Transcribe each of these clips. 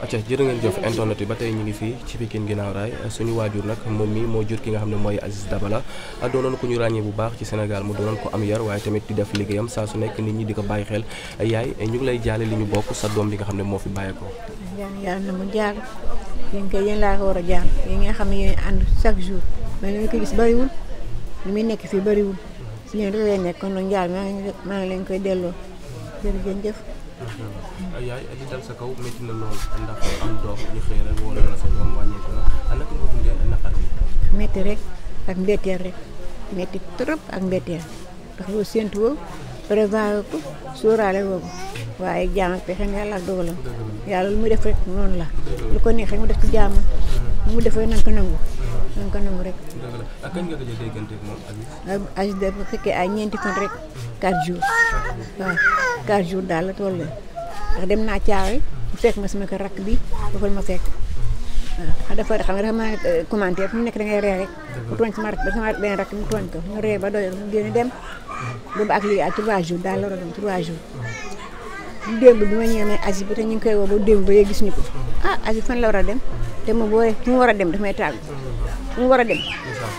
acca jërë ngeen jëf internet yi ba tey ñu ngi fii ci Pikine ginnaaw raay suñu waajur nag moom mii moo jur ki nga xam ne mooy Aziz Dabala doonoon ko ñu ràññee bu baax ci senegal mu doonoon ko am yar waaye tamit di def liggéeyam saa su nekk nit ñi di ko bàyyi xel yaay ñu ngi lay jaale li ñu bokk sa doom bi nga xam ne moo fi bàyyi ko yàlla na mu jaal yéen kay yéen laa ko war a jaal yéen nga xam ne yéen ànd chaque jour mais li ñu ko gis bariwul li muy si ñoom rek lay nekk kon njaal maa ngi maa ngi leen koy delloo jërëjëf jëf yaay li dal sa kaw metti na lool ndax am doom ñu xëy rek wala la sa doom wàññeeku na ana ko bëgg ngeen naqar bi metti rek ak mbetteel rek metti trop ak mbetteel ndax loo séntu woo prévoir ko sóoraale woo ko jaam ak pexe yàlla ak dogalam lu mu def rek noonu la lu ko neex mu def ci jaamam mu defee nank nangu ñu ngi ko nangu rek. dëgg ay ñeenti fan rek. 4 jours. waaw 4 jours daal la toll ndax dem naa caawe bu fekk ma sama rakk bi dafal ma fekk. waaw dafa xam nga dafa mën a euh, commenté fu mu nekk da ngay ree rek. mu tooñ sama rakk sama benn rakk mu tooñ ko mu ree ba doyul mu génn dem. ak lii à 3 jours daal la war a dem 3 jours. démb bi ma ñëwee asi bi te ñu ngi koy woo ba démb ba gis ñu ko ah asi fan la war a dem te mu booy fu mu war a dem daf may tàggu fu mu war a dem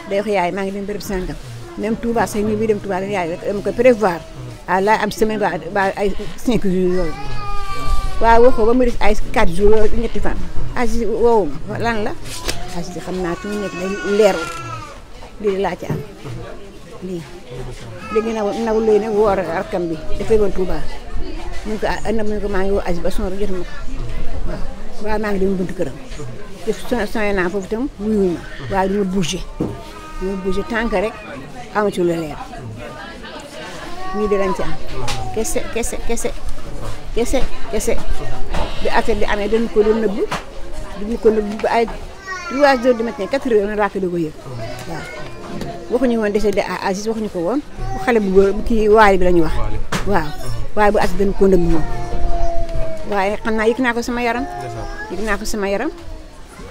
day yaay maa ngi dem béréb sàngam même Touba sax ñu bi dem Touba yaay rek dama koy prévoir ah laa am semaine ba ay cinq jours yooyu waaw waxoo ba mu des ay quatre jours yooyu ñetti fan asi woowu ma la asi xam naa fi mu nekk day leerul lii laa ci am lii léegi naw naw lay ne woor arkam bi dafay woon Touba mun ko ah na mun ko maa ngi woo Aziz ba son bi jotuma ko waaw maa ngi dem buntu këram def soñé naa foofu itam wuyuñ ma waaye du ma bougé du ma bougé tànk rek amatu la leer ñii de dañ ci am kese kese kese kese kese bi affaire bi amee dañ ko doon nëbb duñu ko nëbb ba ay trois heures du matin quatre heures na raak da ko yëg waaw waxuñu woon décédé à ah, Aziz waxuñu ko woon bu xale bu kii waali bi la wax waaye bu accident ko ndëm ñoom waaye xam naa yëg naa ko sama yaram. yëg naa ko sama yaram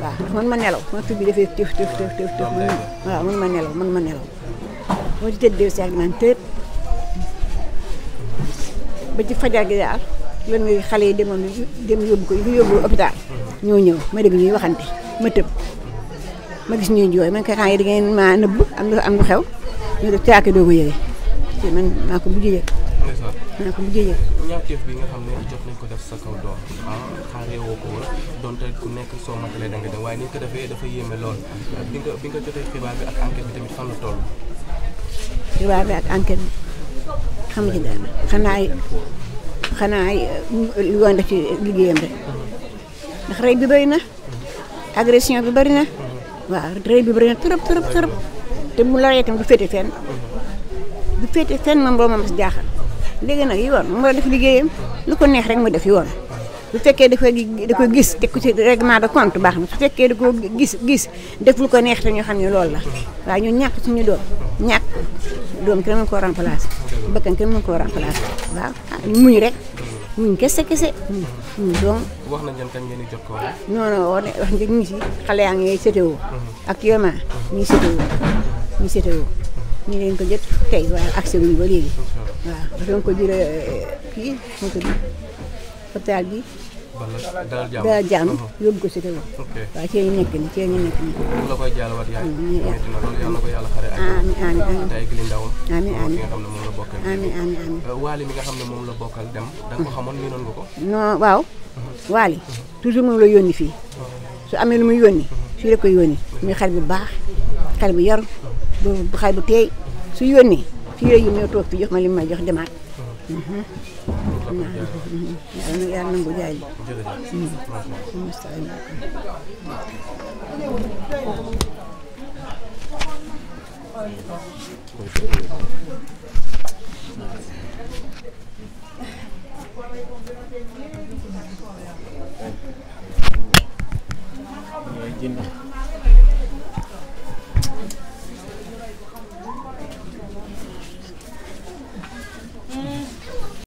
waa man ma nelaw ma bi defee tëf tëf tëf tëf tëf man ma nelaw man ma nelaw ak man tëdd ba nga xale yi demoon dem yóbbu ko yóbbu hôpital ñoo ñëw ma ma tëb ma gis ñuy jooy man kay xam ne dangeen maa am am lu xew ko yëgee man maa ko bu jëyee naa ko mujjee yëg. ñaawteef nañ ko def sa kaw doom ah xaaree woo ko woon donte ku nekk soo matalee da dem waaye ni ko defee dafa yéeme lool bi nga jotee xibaar bi ak enquête bi tamit fan la toll. xibaar bi ak xam nga ci dara xanaa ci liggéeyam rek ndax rey bi bëri na agression bi bëri na waaw rey bi bëri na trop te mu la rey du féete fenn du féete fenn moom boo ma jaaxal. léegi nag yoon mu war a def liggéeyam lu ko neex rek mu def yi woon bu fekkee dafa koy da koy gis teg ko ci règlement de compte baax na su fekkee da ko gis gis def lu ko neex te ñu xam ne loolu la waaye ñu ñàkk suñu doom ñàkk doom kenn mën koo remplacer bakkan kenn mën koo remplacer waaw ah, muñ rek muñ kese kese muñ doom. wax nañ leen kañ ngeen di jot ko wala. non wax nañ ñu ngi si xale yaa ngi sétéwoo. Mhm. actuellement ñu ngi sétéwoo ñu ngi ñu leen ko jot ba léegi waaw doon ko jure kii moo ko di bi daal jàmm yóbbu ko si teewul ñu nekk ni cee ñu nekk ko yàlla da nga ko xamoon moom la yónni fii su amee lu muy yónni fii la koy yónni muy xale bu baax xale bu yaru du xay bu teey su yónnee su yooyu ñëw toog fi jox ma li ma jox demaat. Mm-hmm. Mm-hmm. Mm-hmm.